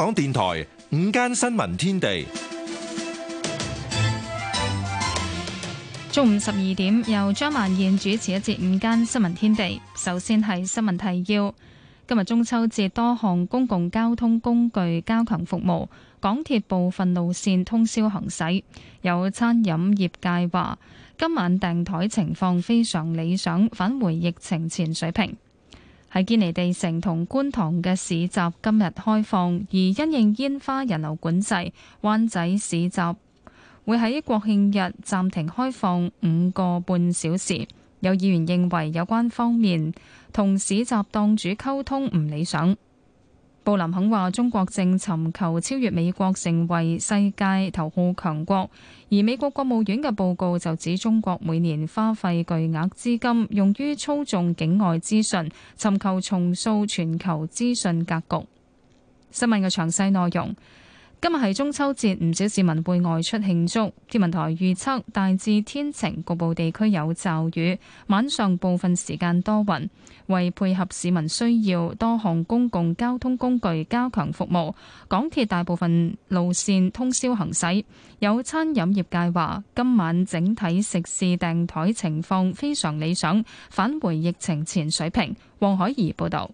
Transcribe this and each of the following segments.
港電台午間新聞天地，中午十二點由張曼燕主持一節午間新聞天地。首先係新聞提要：今日中秋節，多項公共交通工具加強服務，港鐵部分路線通宵行駛。有餐飲業界話，今晚訂台情況非常理想，返回疫情前水平。喺堅尼地城同觀塘嘅市集今日開放，而因應煙花人流管制，灣仔市集會喺國慶日暫停開放五個半小時。有議員認為有關方面同市集檔主溝通唔理想。布林肯話：中國正尋求超越美國，成為世界頭號強國。而美國國務院嘅報告就指，中國每年花費巨額資金，用於操縱境外資訊，尋求重塑全球資訊格局。新聞嘅詳細內容。今日係中秋節，唔少市民會外出慶祝。天文台預測大致天晴，局部地區有驟雨，晚上部分時間多雲。為配合市民需要，多項公共交通工具加強服務。港鐵大部分路線通宵行駛。有餐飲業界話，今晚整體食肆訂枱情況非常理想，返回疫情前水平。黃海怡報導。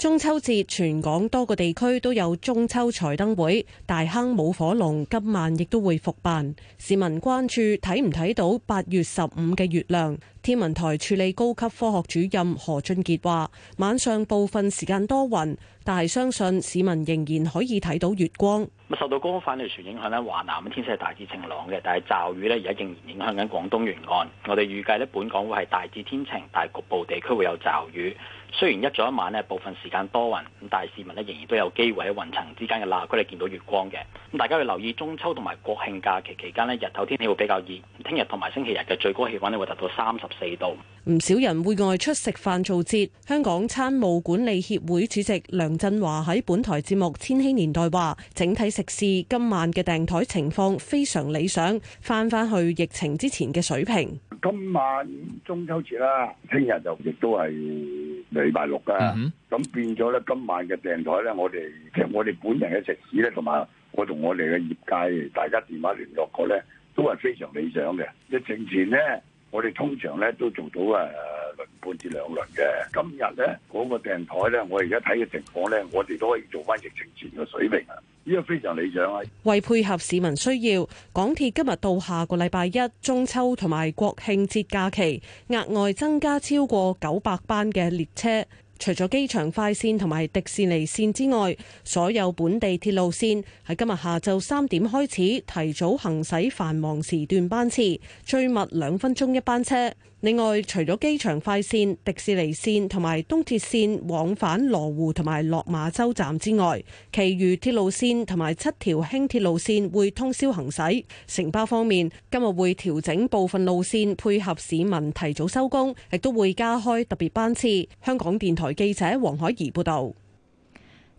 中秋節，全港多個地區都有中秋彩燈會，大坑舞火龍今晚亦都會復辦，市民關注睇唔睇到八月十五嘅月亮。天文台處理高級科學主任何俊傑話，晚上部分時間多雲，但係相信市民仍然可以睇到月光。受到高空反氣旋影響咧，華南嘅天色係大致晴朗嘅，但係驟雨呢而家仍然影響緊廣東沿岸。我哋預計呢本港會係大致天晴，但係局部地區會有驟雨。雖然一早一晚咧部分時間多雲，咁但係市民咧仍然都有機會喺雲層之間嘅罅隙嚟見到月光嘅。咁大家要留意中秋同埋國慶假期期間咧日頭天氣會比較熱，聽日同埋星期日嘅最高氣温咧會達到三十四度。唔少人會外出食飯做節，香港餐務管理協會主席梁振華喺本台節目《千禧年代》話：整體食肆今晚嘅訂台情況非常理想，翻返去疫情之前嘅水平。今晚中秋節啦，聽日就亦都係。禮拜六啊，咁變咗咧，今晚嘅訂台咧，我哋其實我哋本人嘅食肆咧，同埋我同我哋嘅業界大家電話聯絡過咧，都係非常理想嘅。一整前咧。我哋通常咧都做到誒輪半至兩輪嘅，今日咧嗰個訂台咧，我而家睇嘅情況咧，我哋都可以做翻疫情前嘅水平啊！呢個非常理想啊！為配合市民需要，港鐵今日到下個禮拜一中秋同埋國慶節假期，額外增加超過九百班嘅列車。除咗機場快線同埋迪士尼線之外，所有本地鐵路線喺今日下晝三點開始提早行駛繁忙時段班次，最密兩分鐘一班車。另外，除咗機場快線、迪士尼線同埋東鐵線往返羅湖同埋落馬洲站之外，其餘鐵路線同埋七條輕鐵路線會通宵行駛。城巴方面，今日會調整部分路線配合市民提早收工，亦都會加開特別班次。香港電台記者黃海怡報導。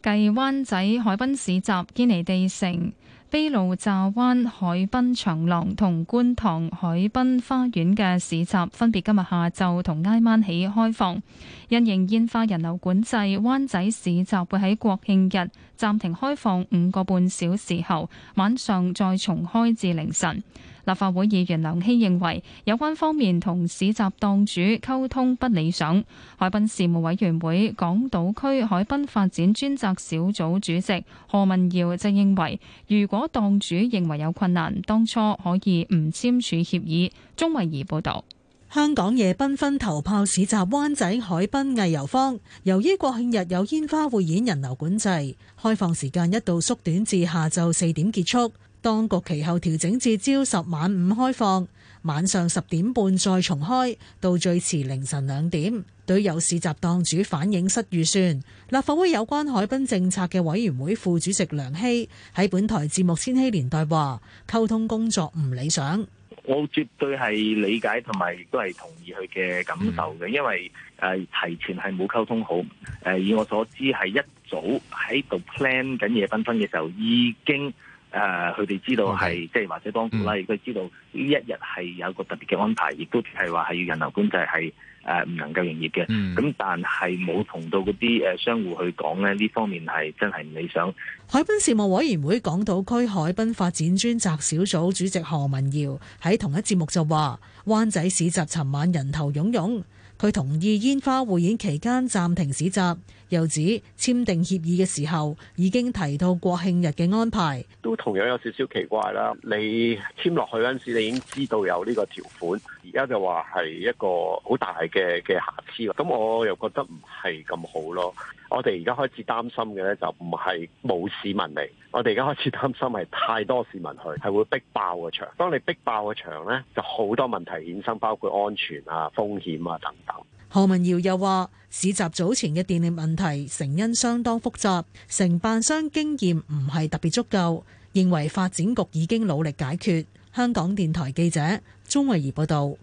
繼灣仔海濱市集、堅尼地城卑路乍灣海濱長廊同觀塘海濱花園嘅市集分別今日下晝同挨晚起開放。因應煙花人流管制，灣仔市集會喺國慶日暫停開放五個半小時後，晚上再重開至凌晨。立法會議員梁希認為有關方面同市集檔主溝通不理想。海濱事務委員會港島區海濱發展專責小組主席何文耀就認為，如果檔主認為有困難，當初可以唔簽署協議。鍾慧儀報導，香港夜繽紛頭炮市集灣仔海濱藝遊坊由於國慶日有煙花匯演人流管制，開放時間一度縮短至下晝四點結束。當局其後調整至朝十晚五開放，晚上十點半再重開，到最遲凌晨兩點。對有市集檔主反映失預算，立法會有關海濱政策嘅委員會副主席梁希喺本台節目《千禧年代》話：溝通工作唔理想。我絕對係理解同埋亦都係同意佢嘅感受嘅，因為誒提前係冇溝通好，誒以我所知係一早喺度 plan 緊夜繽紛嘅時候已經。誒，佢哋知道係即係或者幫顧啦，亦都知道呢一日係有個特別嘅安排，亦都係話係要人流管制係誒唔能夠營業嘅。咁、嗯、但係冇同到嗰啲誒商戶去講咧，呢方面係真係唔理想。海濱事務委員會港島區海濱發展專責小組主席何文耀喺同一節目就話：灣仔市集尋晚人頭湧湧，佢同意煙花匯演期間暫停市集。又指簽訂協議嘅時候已經提到國慶日嘅安排，都同樣有少少奇怪啦。你簽落去嗰陣時，你已經知道有呢個條款，而家就話係一個好大嘅嘅瑕疵咯。咁我又覺得唔係咁好咯。我哋而家開始擔心嘅咧，就唔係冇市民嚟，我哋而家開始擔心係太多市民去，係會逼爆個場。當你逼爆個場咧，就好多問題衍生，包括安全啊、風險啊等等。何文耀又話市集早前嘅電力問題成因相當複雜，承辦商經驗唔係特別足夠，認為發展局已經努力解決，香港電台記者鍾慧儀報道。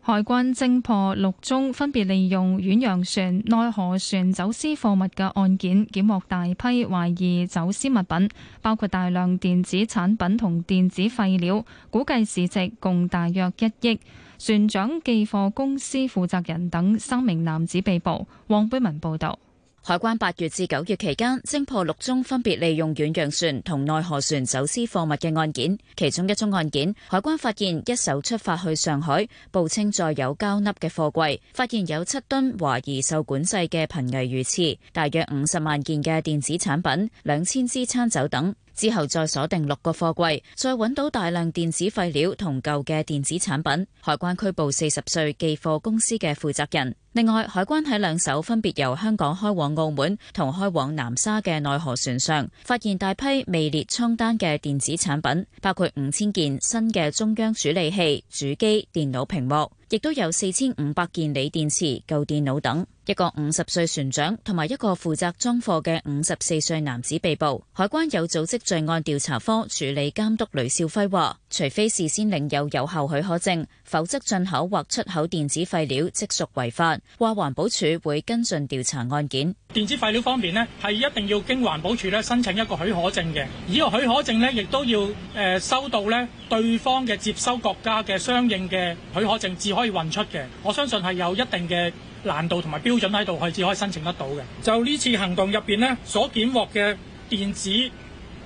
海關偵破六宗分別利用遠洋船、內河船走私貨物嘅案件，檢獲大批懷疑走私物品，包括大量電子產品同電子廢料，估計市值共大約一億。船長、寄貨公司負責人等三名男子被捕。黃貝文報導，海關八月至九月期間偵破六宗分別利用遠洋船同內河船走私貨物嘅案件，其中一宗案件，海關發現一艘出發去上海，報稱載有膠粒嘅貨櫃，發現有七噸懷疑受管制嘅瀕危魚翅，大約五十萬件嘅電子產品，兩千支餐酒等。之後再鎖定六個貨櫃，再揾到大量電子廢料同舊嘅電子產品。海關拘捕四十歲寄貨公司嘅負責人。另外，海關喺兩艘分別由香港開往澳門同開往南沙嘅內河船上，發現大批未列倉單嘅電子產品，包括五千件新嘅中央處理器、主機、電腦屏幕，亦都有四千五百件鋰電池、舊電腦等。一個五十歲船長同埋一個負責裝貨嘅五十四歲男子被捕。海關有組織罪案調查科處理監督雷少輝話，除非事先領有有效許可證，否則進口或出口電子廢料即屬違法，話環保署會跟進調查案件。電子廢料方面呢，係一定要經環保署呢，申請一個許可證嘅。呢個許可證呢，亦都要誒，收到呢對方嘅接收國家嘅相應嘅許可證，至可以運出嘅。我相信係有一定嘅。難度同埋標準喺度，佢只可以申請得到嘅。就呢次行動入邊呢，所檢獲嘅電子誒、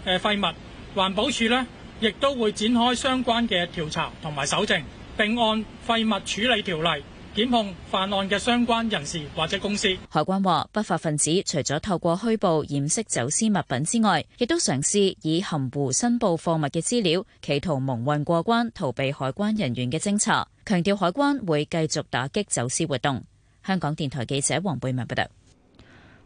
呃、廢物，環保署呢亦都會展開相關嘅調查同埋搜證，並按廢物處理條例檢控犯案嘅相關人士或者公司。海關話，不法分子除咗透過虛報掩飾走私物品之外，亦都嘗試以含糊申報貨物嘅資料，企圖蒙混過關，逃避海關人員嘅偵查。強調海關會繼續打擊走私活動。香港電台記者王貝文報道：不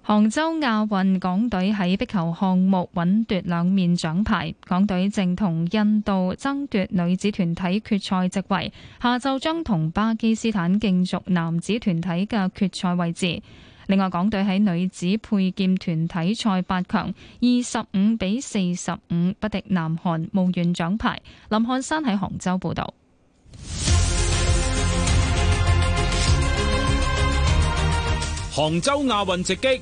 杭州亞運，港隊喺壁球項目穩奪兩面獎牌。港隊正同印度爭奪女子團體決賽席位，下晝將同巴基斯坦競逐男子團體嘅決賽位置。另外，港隊喺女子佩劍團體賽八強，二十五比四十五不敵南韓，無緣獎牌。林漢山喺杭州報道。杭州亞運直擊。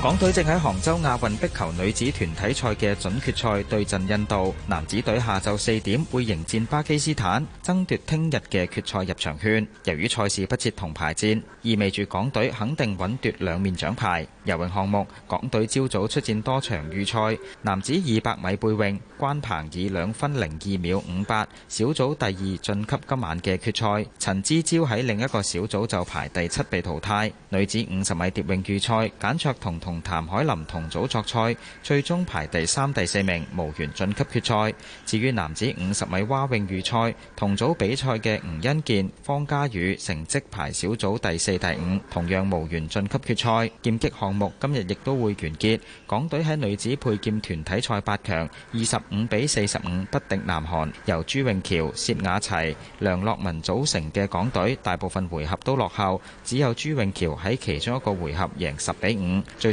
港隊正喺杭州亞運壁球女子團體賽嘅準決賽對陣印度男子隊，下晝四點會迎戰巴基斯坦，爭奪聽日嘅決賽入場券。由於賽事不設銅牌戰，意味住港隊肯定穩奪兩面獎牌。游泳項目，港隊朝早出戰多場預賽，男子二百米背泳，關鵬以兩分零二秒五八小組第二晉級今晚嘅決賽，陳之釗喺另一個小組就排第七被淘汰。女子五十米蝶泳預賽，簡卓同，同。同譚海琳同組作賽，最終排第三、第四名，無緣晉級決賽。至於男子五十米蛙泳預賽，同組比賽嘅吳恩健、方嘉宇，成績排小組第四、第五，同樣無緣晉級決賽。劍擊項目今日亦都會完結。港隊喺女子佩劍團體賽八強，二十五比四十五不敵南韓，由朱永喬、薛亞齊、梁洛文組成嘅港隊，大部分回合都落後，只有朱永喬喺其中一個回合贏十比五，最。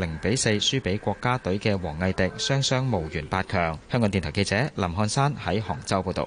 零比四輸俾國家隊嘅王毅迪雙雙無緣八強。香港電台記者林漢山喺杭州報道。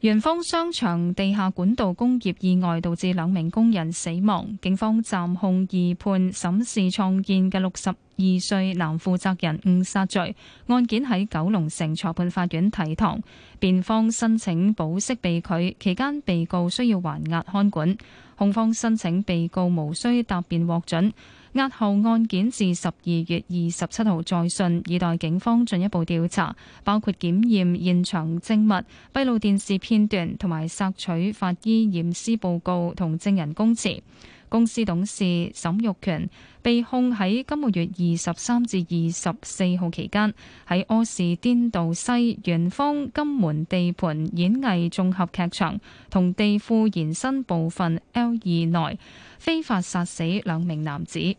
元芳商場地下管道工業意外導致兩名工人死亡，警方暫控二判審視創建嘅六十二歲男負責人誤殺罪。案件喺九龍城裁判法院提堂，辯方申請保釋被拒，期間被告需要還押看管。控方申請被告無需答辯獲准。押後案件至十二月二十七號再訊，以待警方進一步調查，包括檢驗現場證物、閉路電視片段同埋索取法醫驗屍報告同證人供詞。公司董事沈玉權被控喺今個月二十三至二十四號期間，喺柯士甸道西元方金門地盤演藝綜合劇場同地庫延伸部分 L 二內非法殺死兩名男子。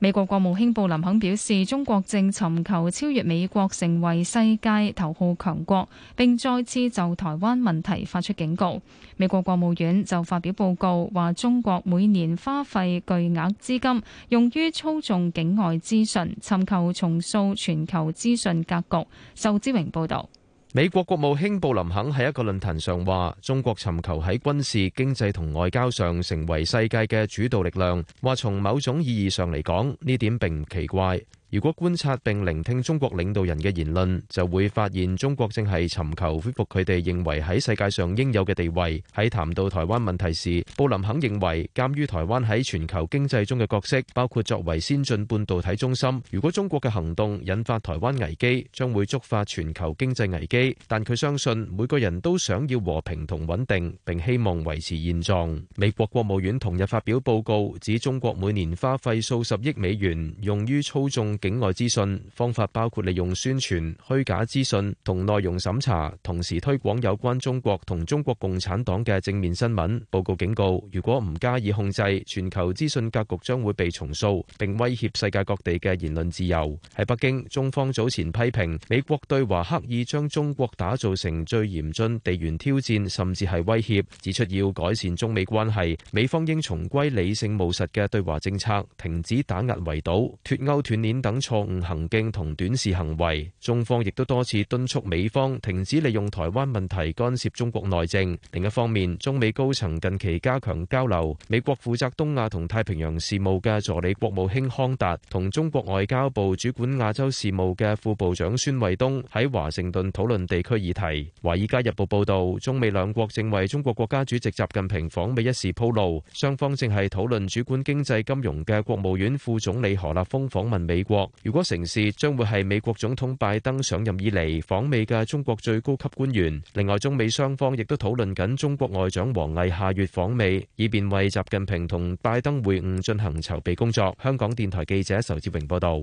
美國國務卿布林肯表示，中國正尋求超越美國，成為世界頭號強國，並再次就台灣問題發出警告。美國國務院就發表報告，話中國每年花費巨額資金，用於操縱境外資訊，尋求重塑全球資訊格局。受之榮報道。美國國務卿布林肯喺一個論壇上話，中國尋求喺軍事、經濟同外交上成為世界嘅主導力量。話從某種意義上嚟講，呢點並唔奇怪。如果觀察並聆聽中國領導人嘅言論，就會發現中國正係尋求恢復佢哋認為喺世界上應有嘅地位。喺談到台灣問題時，布林肯認為，鑑於台灣喺全球經濟中嘅角色，包括作為先進半導體中心，如果中國嘅行動引發台灣危機，將會觸發全球經濟危機。但佢相信每個人都想要和平同穩定，並希望維持現狀。美國國務院同日發表報告，指中國每年花費數十億美元用於操縱境外資訊方法，包括利用宣傳虛假資訊同內容審查，同時推廣有關中國同中國共產黨嘅正面新聞。報告警告，如果唔加以控制，全球資訊格局將會被重塑，並威脅世界各地嘅言論自由。喺北京，中方早前批評美國對華刻意將中國打造成最嚴峻地緣挑戰，甚至係威脅，指出要改善中美關係，美方應重歸理性務實嘅對華政策，停止打壓圍堵、脫歐斷鏈等錯誤行徑同短視行為，中方亦都多次敦促美方停止利用台灣問題干涉中國內政。另一方面，中美高層近期加強交流。美國負責東亞同太平洋事務嘅助理國務卿康達，同中國外交部主管亞洲事務嘅副部長孫衛東喺華盛頓討論地區議題。《華爾街日報》報導，中美兩國正為中國國家主席習近平訪美一事鋪路。雙方正係討論主管經濟金融嘅國務院副總理何立峰訪問美國。如果成事，將會係美國總統拜登上任以嚟訪美嘅中國最高級官員，另外，中美雙方亦都討論緊中國外長王毅下月訪美，以便為習近平同拜登會晤進行籌備工作。香港電台記者仇志榮報道。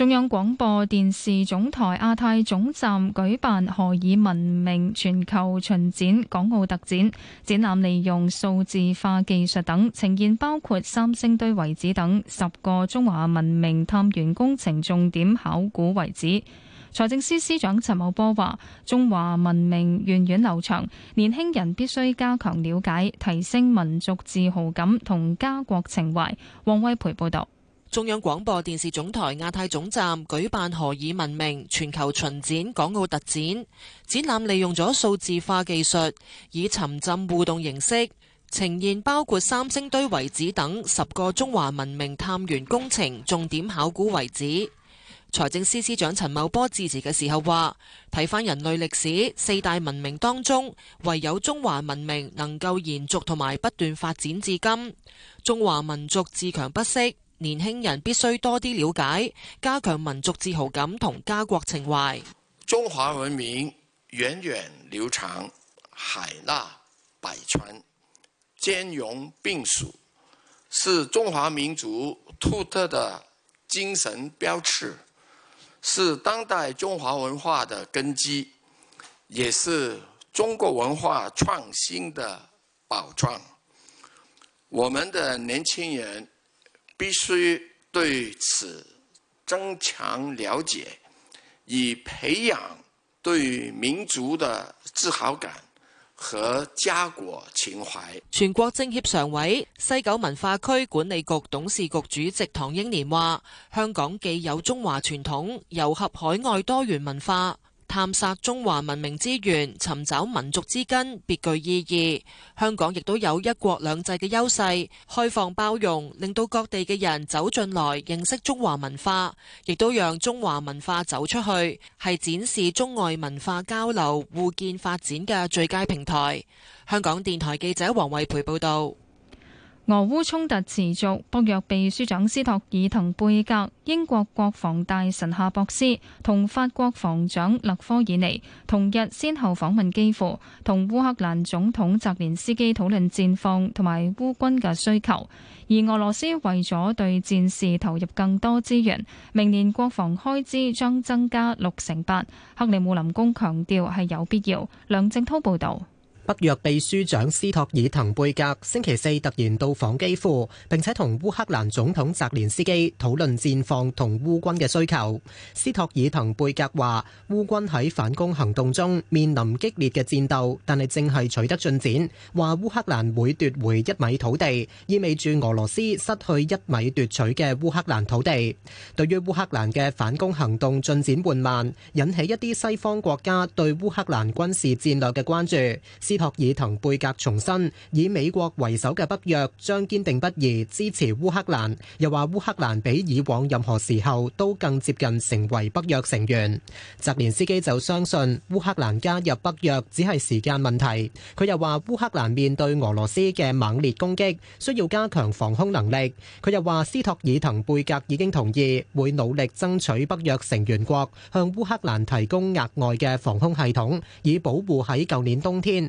中央廣播電視總台亞太總站舉辦何以文明全球巡展港澳特展，展覽利用數字化技術等呈現，包括三星堆遺址等十個中華文明探源工程重點考古遺址。財政司司長陳茂波話：中華文明源遠流長，年輕人必須加強了解，提升民族自豪感同家國情懷。王威培報導。中央廣播電視總台亞太總站舉辦何以文明全球巡展，港澳特展展覽，利用咗數字化技術，以沉浸互動形式呈現，包括三星堆遺址等十個中華文明探源工程重點考古遺址。財政司司長陳茂波致辭嘅時候話：睇返人類歷史四大文明當中，唯有中華文明能夠延續同埋不斷發展至今，中華民族自強不息。年輕人必須多啲了解，加強民族自豪感同家國情懷。中華文明源遠流長，海納百川，兼容並蓄，是中華民族獨特的精神標識，是當代中華文化的根基，也是中國文化創新的寶藏。我們的年輕人，必須對此增強了解，以培養對民族的自豪感和家國情懷。全國政協常委、西九文化區管理局董事局主席唐英年話：香港既有中華傳統，又合海外多元文化。探索中華文明之源，尋找民族之根，別具意義。香港亦都有一國兩制嘅優勢，開放包容，令到各地嘅人走進來認識中華文化，亦都讓中華文化走出去，係展示中外文化交流互建發展嘅最佳平台。香港電台記者黃慧培報道。俄烏衝突持續，北約秘書長斯托爾滕貝格、英國國防大臣夏博斯同法國防長勒科爾尼同日先後訪問基輔，同烏克蘭總統澤連斯基討論戰況同埋烏軍嘅需求。而俄羅斯為咗對戰事投入更多資源，明年國防開支將增加六成八。克里姆林宮強調係有必要。梁正滔報導。北約秘書長斯托爾滕貝格星期四突然到訪基輔，並且同烏克蘭總統澤連斯基討論戰況同烏軍嘅需求。斯托爾滕貝格話：烏軍喺反攻行動中面臨激烈嘅戰鬥，但係正係取得進展。話烏克蘭會奪回一米土地，意味住俄羅斯失去一米奪取嘅烏克蘭土地。對於烏克蘭嘅反攻行動進展緩慢，引起一啲西方國家對烏克蘭軍事戰略嘅關注。斯托爾滕貝格重申，以美國為首嘅北約將堅定不移支持烏克蘭，又話烏克蘭比以往任何時候都更接近成為北約成員。澤連斯基就相信烏克蘭加入北約只係時間問題。佢又話烏克蘭面對俄羅斯嘅猛烈攻擊，需要加強防空能力。佢又話斯托爾滕貝格已經同意會努力爭取北約成員國向烏克蘭提供額外嘅防空系統，以保護喺舊年冬天，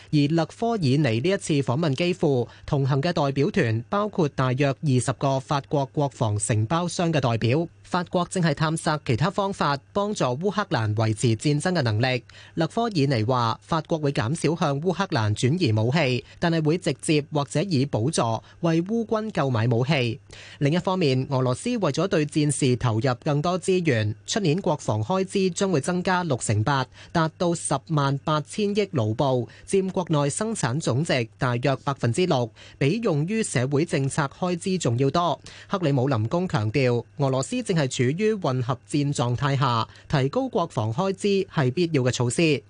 而勒科爾尼呢一次訪問基輔，同行嘅代表團包括大約二十個法國國防承包商嘅代表。法國正係探索其他方法幫助烏克蘭維持戰爭嘅能力。勒科爾尼話：法國會減少向烏克蘭轉移武器，但係會直接或者以補助為烏軍購買武器。另一方面，俄羅斯為咗對戰事投入更多資源，出年國防開支將會增加六成八，達到十萬八千億盧布，佔國內生產總值大約百分之六，比用於社會政策開支仲要多。克里姆林宮強調，俄羅斯正係係處於混合戰狀態下，提高國防開支係必要嘅措施。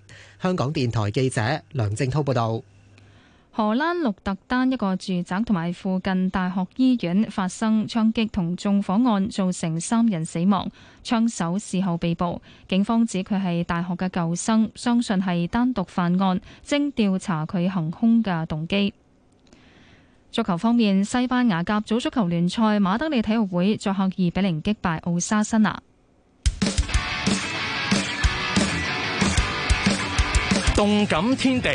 香港電台記者梁正濤報道：荷蘭鹿特丹一個住宅同埋附近大學醫院發生槍擊同縱火案，造成三人死亡，槍手事後被捕。警方指佢係大學嘅舊生，相信係單獨犯案，正調查佢行兇嘅動機。足球方面，西班牙甲組足球聯賽馬德里體育會作客二比零擊敗奧沙辛拿。動感天地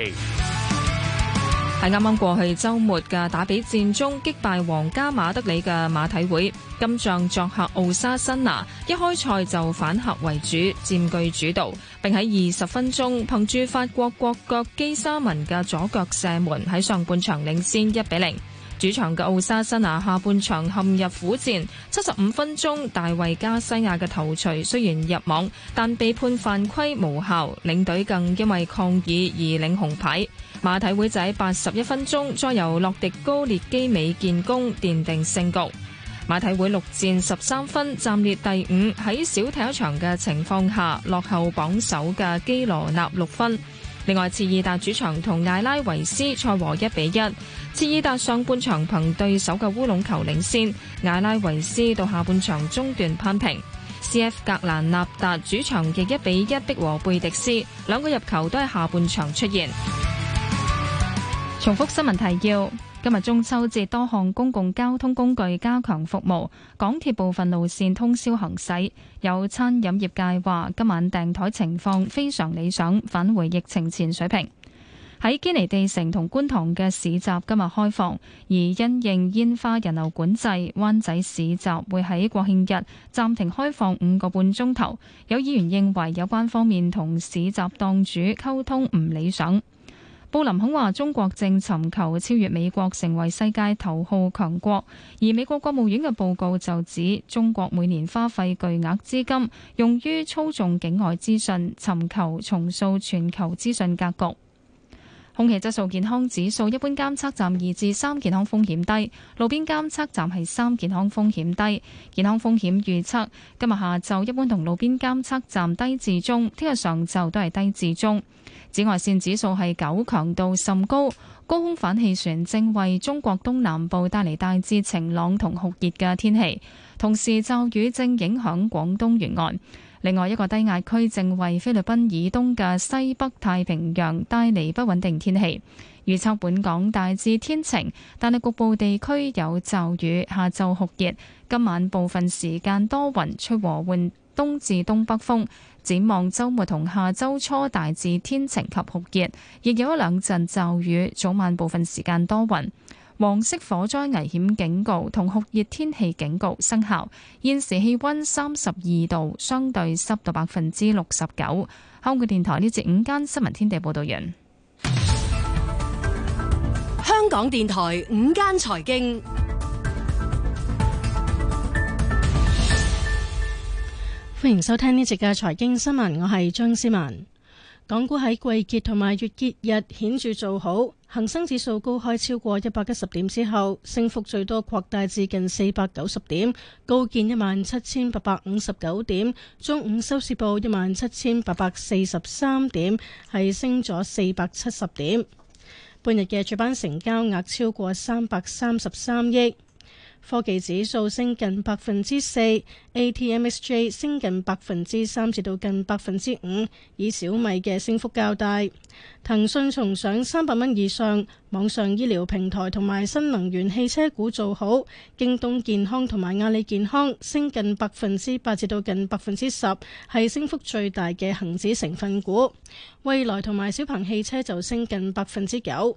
係啱啱過去周末嘅打比戰中擊敗皇家馬德里嘅馬體會今仗作客奧沙辛拿，一開賽就反客為主，佔據主導。並喺二十分鐘，憑住法國國腳基沙文嘅左腳射門喺上半場領先一比零。主場嘅奧沙辛拿下半場陷入苦戰，七十五分鐘大衛加西亞嘅頭槌雖然入網，但被判犯規無效，領隊更因為抗議而領紅牌。馬體會仔八十一分鐘再由洛迪高列基美建功，奠定勝局。馬體會六戰十三分，暫列第五。喺少踢一場嘅情況下，落後榜首嘅基羅納六分。另外，切爾達主場同艾拉維斯賽和一比一。切爾達上半場憑對手嘅烏龍球領先，艾拉維斯到下半場中段攀平。C.F. 格蘭納達主場亦一比一逼和貝迪斯，兩個入球都係下半場出現。重複新聞提要。今日中秋節，多項公共交通工具加強服務港鐵部分路線通宵行駛。有餐飲業界話今晚訂台情況非常理想，返回疫情前水平。喺堅尼地城同觀塘嘅市集今日開放，而因應煙花人流管制，灣仔市集會喺國慶日暫停開放五個半鐘頭，有議員認為有關方面同市集檔主溝通唔理想。布林肯話：中國正尋求超越美國，成為世界頭號強國。而美國國務院嘅報告就指，中國每年花費巨額資金，用於操縱境外資訊，尋求重塑全球資訊格局。空氣質素健康指數，一般監測站二至三，健康風險低；路邊監測站係三，健康風險低。健康風險預測，今日下晝一般同路邊監測站低至中，聽日上晝都係低至中。紫外線指數係九，強度甚高，高空反氣旋正為中國東南部帶嚟大致晴朗同酷熱嘅天氣，同時驟雨正影響廣東沿岸。另外一個低壓區正為菲律賓以東嘅西北太平洋帶嚟不穩定天氣。預測本港大致天晴，但係局部地區有驟雨，下晝酷熱，今晚部分時間多雲，出和緩東至東北風。展望周末同下周初大致天晴及酷熱，亦有一兩陣驟雨。早晚部分時間多雲。黃色火災危險警告同酷熱天氣警告生效。現時氣溫三十二度，相對濕度百分之六十九。香港電台呢節午間新聞天地報道完，香港電台午間財經。歡迎收聽呢集嘅財經新聞，我係張思文。港股喺季結同埋月結日顯著做好，恒生指數高開超過一百一十點之後，升幅最多擴大至近四百九十點，高見一萬七千八百五十九點。中午收市報一萬七千八百四十三點，係升咗四百七十點。半日嘅主板成交額超過三百三十三億。科技指數升近百分之四，ATMSJ 升近百分之三，至到近百分之五，以小米嘅升幅較大。騰訊重上三百蚊以上，網上醫療平台同埋新能源汽車股做好，京東健康同埋阿里健康升近百分之八，至到近百分之十，係升幅最大嘅恒指成分股。蔚來同埋小鵬汽車就升近百分之九。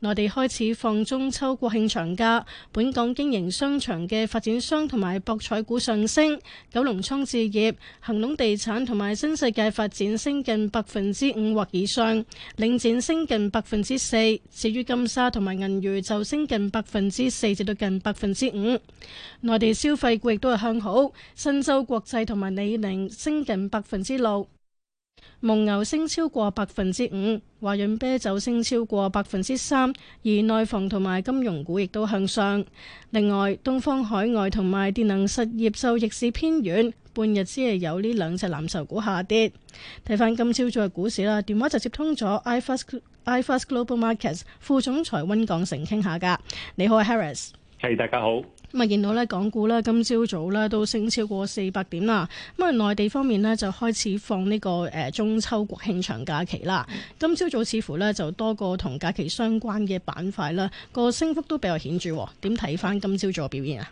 內地開始放中秋國慶長假，本港經營商場嘅發展商同埋博彩股上升，九龍倉置業、恒隆地產同埋新世界發展升近百分之五或以上，領展升近百分之四，至於金沙同埋銀娛就升近百分之四至到近百分之五。內地消費股亦都係向好，新洲國際同埋李寧升近百分之六。蒙牛升超過百分之五，華潤啤酒升超過百分之三，而內房同埋金融股亦都向上。另外，東方海外同埋電能實業就逆市偏軟，半日只係有呢兩隻藍籌股下跌。睇返今朝早嘅股市啦，電話就接通咗 iFAST iFAST Global Markets 副總裁溫港成傾下噶。你好啊，Harris。係、hey，大家好。咁啊，見到咧，港股咧今朝早咧都升超過四百點啦。咁啊，內地方面呢，就開始放呢個誒中秋國慶長假期啦。今朝早似乎呢，就多個同假期相關嘅板塊啦，個升幅都比較顯著。點睇翻今朝早嘅表現啊？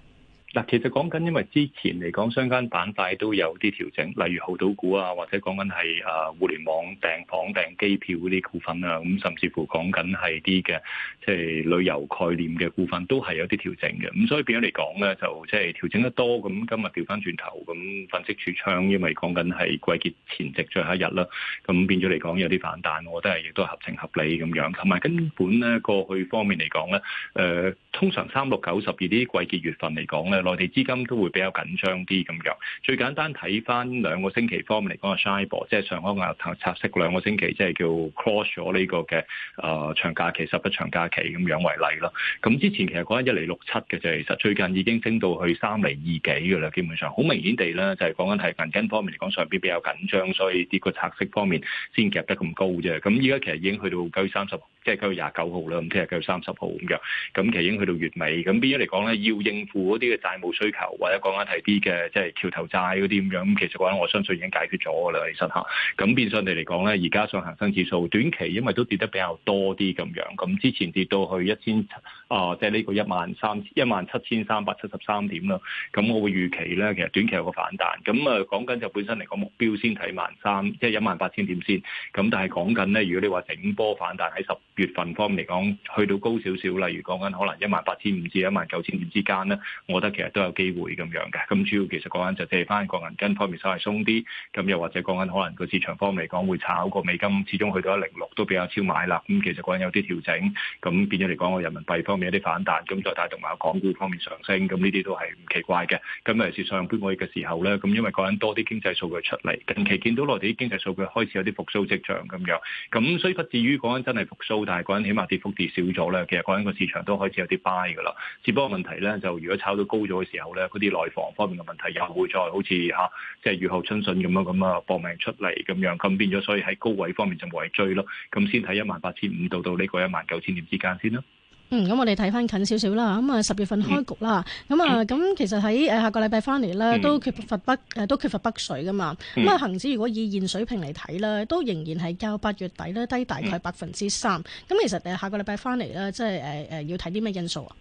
嗱，其實講緊，因為之前嚟講，相關板塊都有啲調整，例如濠賭股啊，或者講緊係誒互聯網訂房、訂機票嗰啲股份啊，咁甚至乎講緊係啲嘅即係旅遊概念嘅股份，都係有啲調整嘅。咁所以變咗嚟講咧，就即係調整得多，咁今日調翻轉頭，咁粉飾櫥窗，因為講緊係季結前夕最後一日啦，咁變咗嚟講有啲反彈，我覺得係亦都合情合理咁樣。同埋根本咧，過去方面嚟講咧，誒、呃。通常三六九十二啲季結月份嚟講咧，內地資金都會比較緊張啲咁樣。最簡單睇翻兩個星期方面嚟講嘅 Shibor，Sh u, 即係上海個頭拆息兩個星期，即係叫 cross 咗呢個嘅啊、呃、長假期十一長假期咁樣為例咯。咁之前其實講緊一釐六七嘅，啫，其實最近已經升到去三釐二幾嘅啦。基本上好明顯地咧，就係講緊係銀根方面嚟講上邊比較緊張，所以跌個拆息方面先夾得咁高啫。咁依家其實已經去到九月三十。即係九月廿九號啦，咁聽日九月三十號咁樣，咁其實已經去到月尾。咁變相嚟講咧，要應付嗰啲嘅債務需求，或者講緊係啲嘅即係橋頭債嗰啲咁樣。咁其實嘅話，我相信已經解決咗㗎啦，其實吓，咁變相地嚟講咧，而家上行恒生指數，短期因為都跌得比較多啲咁樣。咁之前跌到去一千七，啊，即係呢個一萬三、一萬七千三百七十三點啦。咁我會預期咧，其實短期有個反彈。咁啊，講緊就本身嚟講目標先睇萬三，即係一萬八千點先。咁但係講緊咧，如果你話整波反彈喺十月份方面嚟講，去到高少少，例如講緊可能一萬八千五至一萬九千五之間咧，我覺得其實都有機會咁樣嘅。咁主要其實講緊就借翻個銀根方面稍微鬆啲，咁又或者講緊可能個市場方面嚟講會炒過美金，始終去到一零六都比較超買啦。咁其實講緊有啲調整，咁變咗嚟講個人民幣方面有啲反彈，咁再帶動埋港股方面上升，咁呢啲都係唔奇怪嘅。咁尤其是上半個月嘅時候咧，咁因為講緊多啲經濟數據出嚟，近期見到內地啲經濟數據開始有啲復甦跡象咁樣，咁所以不至於講緊真係復甦。但係嗰陣起碼跌幅跌少咗咧，其實嗰陣個市場都開始有啲 buy 嘅啦。只不過問題咧，就如果炒到高咗嘅時候咧，嗰啲內房方面嘅問題又會再好似嚇，即係雨後春筍咁樣咁啊，搏命出嚟咁樣，咁變咗所以喺高位方面就冇人追咯。咁先睇一萬八千五到到呢個一萬九千點之間先啦。嗯，咁我哋睇翻近少少啦，咁啊十月份開局啦，咁啊咁其實喺誒下個禮拜翻嚟咧，都缺乏北誒都缺乏北水噶嘛，咁啊恒指如果以現水平嚟睇咧，都仍然係較八月底咧低大概百分之三，咁、 嗯、其實誒下個禮拜翻嚟咧，即係誒誒要睇啲咩因素啊？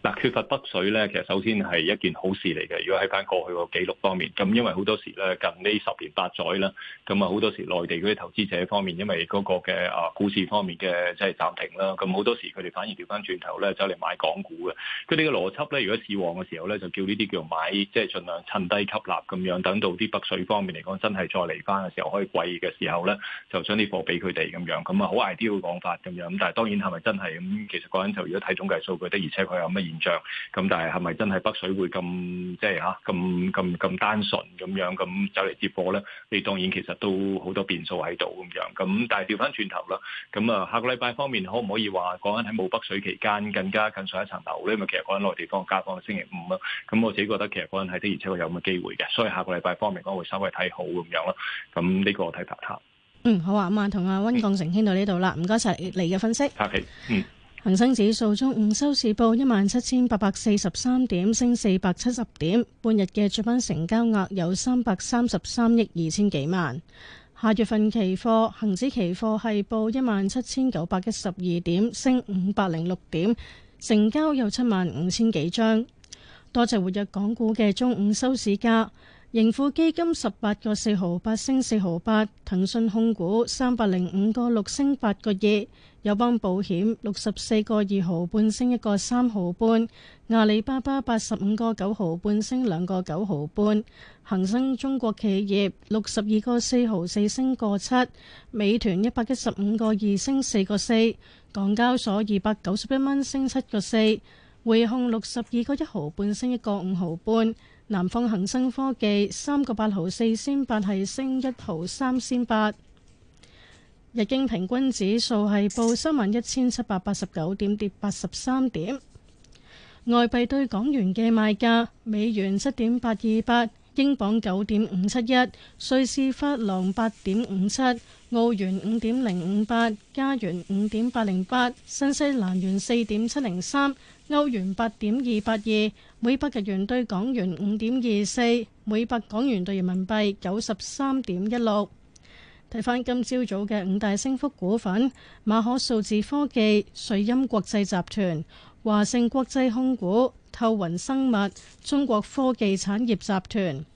嗱、嗯，缺乏北水咧，其實首先係一件好事嚟嘅。如果喺翻過去個記錄方面，咁因為好多時咧近呢十年八載啦，咁啊好多時內地嗰啲投資者方面，因為嗰個嘅啊股市方面嘅即係暫停啦，咁好多時佢哋反而調翻轉頭咧走嚟買港股嘅。佢哋嘅邏輯咧，如果市旺嘅時候咧，就叫呢啲叫買，即係盡量趁低吸納咁樣，等到啲北水方面嚟講真係再嚟翻嘅時候，可以貴嘅時候咧，就將啲貨俾佢哋咁樣。咁啊好 ideal 嘅講法咁樣，但係當然係咪真係咁？其實嗰陣就如果睇總計數據的，而且佢有乜？現象咁，但係係咪真係北水會咁即係吓咁咁咁單純咁樣咁走嚟接貨咧？你當然其實都好多變數喺度咁樣。咁但係調翻轉頭啦，咁啊下個禮拜方面可唔可以話講緊喺冇北水期間更加更上一層樓咧？咁啊其實講緊內地方，加放星期五啦。咁我自己覺得其實講緊係的而且確有咁嘅機會嘅。所以下個禮拜方面講會稍微睇好咁樣咯。咁呢個睇睇下。嗯，好啊，咁啊同阿溫鋼城傾到呢度啦。唔該晒你嘅分析。客氣。嗯。恒生指數中午收市報一萬七千八百四十三點，升四百七十點。半日嘅主板成交額有三百三十三億二千幾萬。下月份期貨恒指期貨係報一萬七千九百一十二點，升五百零六點，成交有七萬五千幾張。多謝活躍港股嘅中午收市價。盈富基金十八個四毫八升四毫八，騰訊控股三百零五個六升八個二，友邦保險六十四個二毫半升一個三毫半，阿里巴巴八十五個九毫半升兩個九毫半，恒生中國企業六十二個四毫四升個七，美團一百一十五個二升四個四，港交所二百九十一蚊升七個四，匯控六十二個一毫半升一個五毫半。南方恒生科技三個八毫四仙八，係升一毫三仙八。日經平均指數係報三萬一千七百八十九點，跌八十三點。外幣對港元嘅賣價：美元七點八二八，英鎊九點五七一，瑞士法郎八點五七，澳元五點零五八，加元五點八零八，新西蘭元四點七零三。歐元八點二八二，每百日元兌港元五點二四，每百港元兌人民幣九十三點一六。睇翻今朝早嘅五大升幅股份：馬可數字科技、瑞音國際集團、華盛國際控股、透雲生物、中國科技產業集團。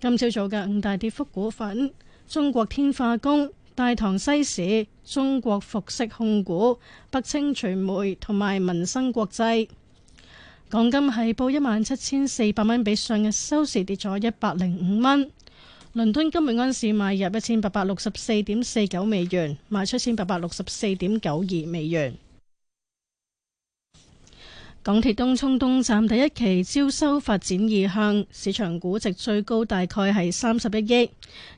今朝早嘅五大跌幅股份：中國天化工。大唐西市、中國服飾控股、北青傳媒同埋民生國際。港金係報一萬七千四百蚊，比上日收市跌咗一百零五蚊。倫敦金每安市買入一千八百六十四點四九美元，賣出千八百六十四點九二美元。港鐵東涌東站第一期招收發展意向，市場估值最高大概係三十一億。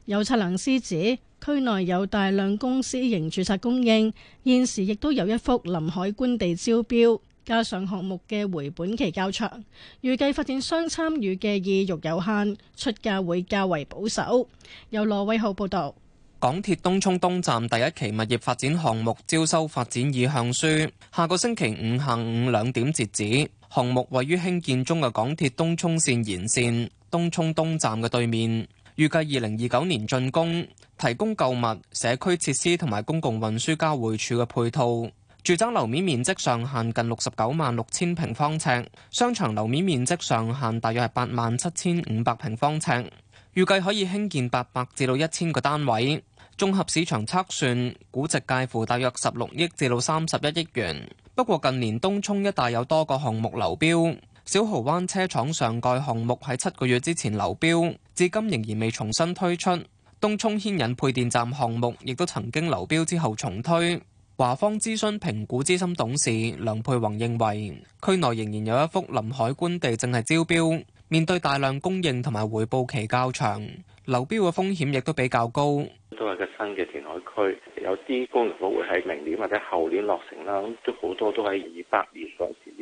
有測量師指，區內有大量公司仍住宅供應，現時亦都有一幅臨海官地招標，加上項目嘅回本期較長，預計發展商參與嘅意欲有限，出價會較為保守。由羅偉浩報道：港鐵東涌東站第一期物業發展項目招收發展意向書，下個星期五下午兩點截止。項目位於興建中嘅港鐵東涌線延線，東涌東站嘅對面。預計二零二九年竣工，提供購物、社區設施同埋公共運輸交匯處嘅配套。住宅樓面面積上限近六十九萬六千平方尺，商場樓面面積上限大約係八萬七千五百平方尺。預計可以興建八百至到一千個單位。綜合市場測算，估值介乎大約十六億至到三十一億元。不過近年東涌一帶有多個項目流標。小蠔灣車廠上蓋項目喺七個月之前流標，至今仍然未重新推出。東涌牽引配電站項目亦都曾經流標，之後重推。華方諮詢評估資深董事梁佩宏認為，區內仍然有一幅臨海官地正係招標，面對大量供應同埋回報期較長，流標嘅風險亦都比較高。都係個新嘅填海區，有啲公營屋會喺明年或者後年落成啦，都好多都喺二百年。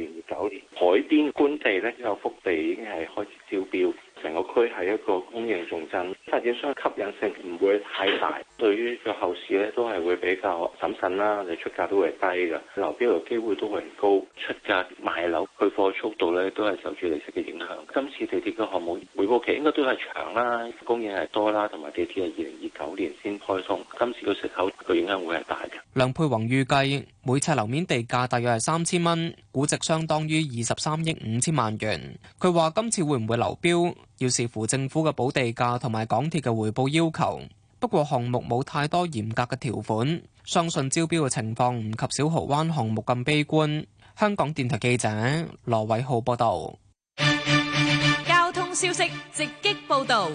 二九年，海邊官地咧，呢個幅地已經係開始招標。成個區係一個供應重鎮，發展商吸引力唔會太大。對於個後市咧，都係會比較審慎啦，你出價都會低嘅，流標嘅機會都會高。出價賣樓去貨速度咧，都係受住利息嘅影響。今次地鐵嘅項目回報期應該都係長啦，供應係多啦，同埋地鐵係二零二九年先開通，今次嘅食口個影響會係大嘅。梁佩宏預計每尺樓面地價大約係三千蚊，估值相當於二十三億五千萬元。佢話今次會唔會流標，要視乎政府嘅補地價同埋港鐵嘅回報要求，不過項目冇太多嚴格嘅條款，相信招標嘅情況唔及小濠灣項目咁悲觀。香港電台記者羅偉浩報道。交通消息直擊報道。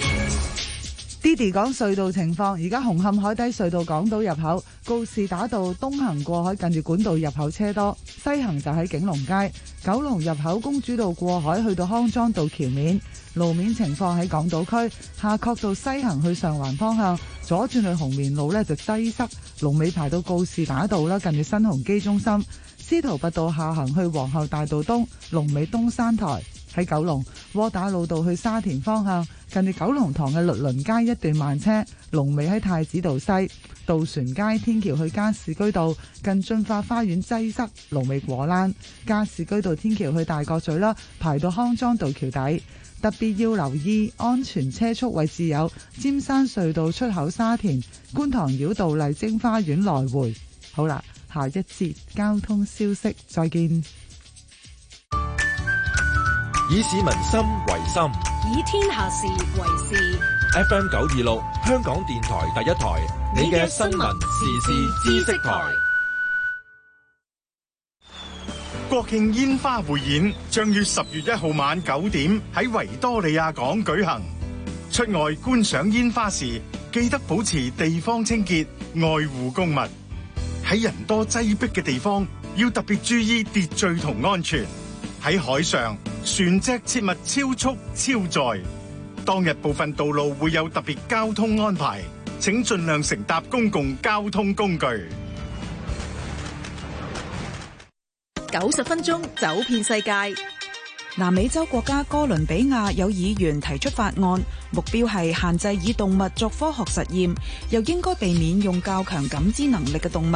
d i d 講隧道情況，而家紅磡海底隧道港島入口告士打道東行過海，近住管道入口車多；西行就喺景龍街、九龍入口公主道過海去到康莊道橋面，路面情況喺港島區夏慤道西行去上環方向，左轉去紅棉路呢就擠塞，龍尾排到告士打道啦，近住新鴻基中心；司徒拔道下行去皇后大道東，龍尾東山台。喺九龍窩打老道去沙田方向，近住九龍塘嘅律倫街一段慢車，龍尾喺太子道西；渡船街天橋去加士居道，近駿發花園擠塞，龍尾果欄；加士居道天橋去大角咀啦，排到康莊道橋底。特別要留意安全車速位置有尖山隧道出口、沙田觀塘繞道麗晶花園來回。好啦，下一節交通消息，再見。以市民心為心，以天下事為事。FM 九二六，香港電台第一台，你嘅新聞、時事、知識台。國慶煙花匯演將於十月一號晚九點喺維多利亞港舉行。出外觀賞煙花時，記得保持地方清潔，愛護公物。喺人多擠逼嘅地方，要特別注意秩序同安全。喺海上。船隻切勿超速超載，當日部分道路會有特別交通安排，請盡量乘搭公共交通工具。九十分鐘走遍世界，南美洲國家哥倫比亞有議員提出法案，目標係限制以動物作科學實驗，又應該避免用較強感知能力嘅動物。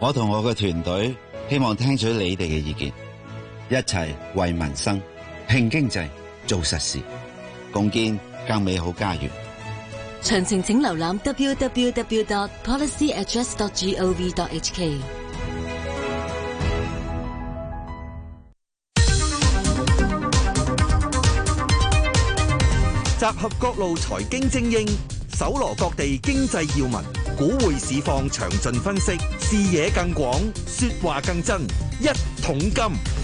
我同我嘅團隊希望聽取你哋嘅意見，一齊為民生、拼經濟、做實事，共建更美好家園。詳情請瀏覽 www.policyaddress.gov.hk。集合各路財經精英，搜羅各地經濟要聞，股匯市況詳盡分析。視野更廣，說話更真，一桶金。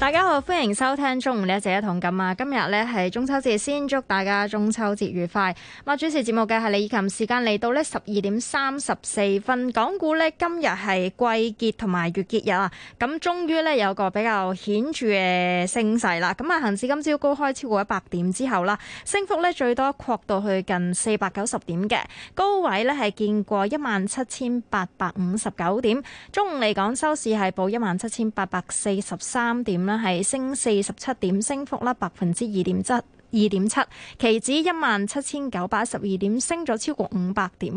大家好，歡迎收聽中午呢一席一同感啊！今日呢係中秋節，先祝大家中秋節愉快。咁主持節目嘅係李琴，時間嚟到呢十二點三十四分。港股呢今日係季結同埋月結日啊，咁終於呢有個比較顯著嘅升勢啦。咁啊，行至今朝高開超過一百點之後啦，升幅呢最多擴到去近四百九十點嘅，高位呢，係見過一萬七千八百五十九點。中午嚟講，收市係報一萬七千八百四十三點。係升四十七點，升幅啦百分之二點七，二點七，期指一萬七千九百一十二點，升咗超過五百點。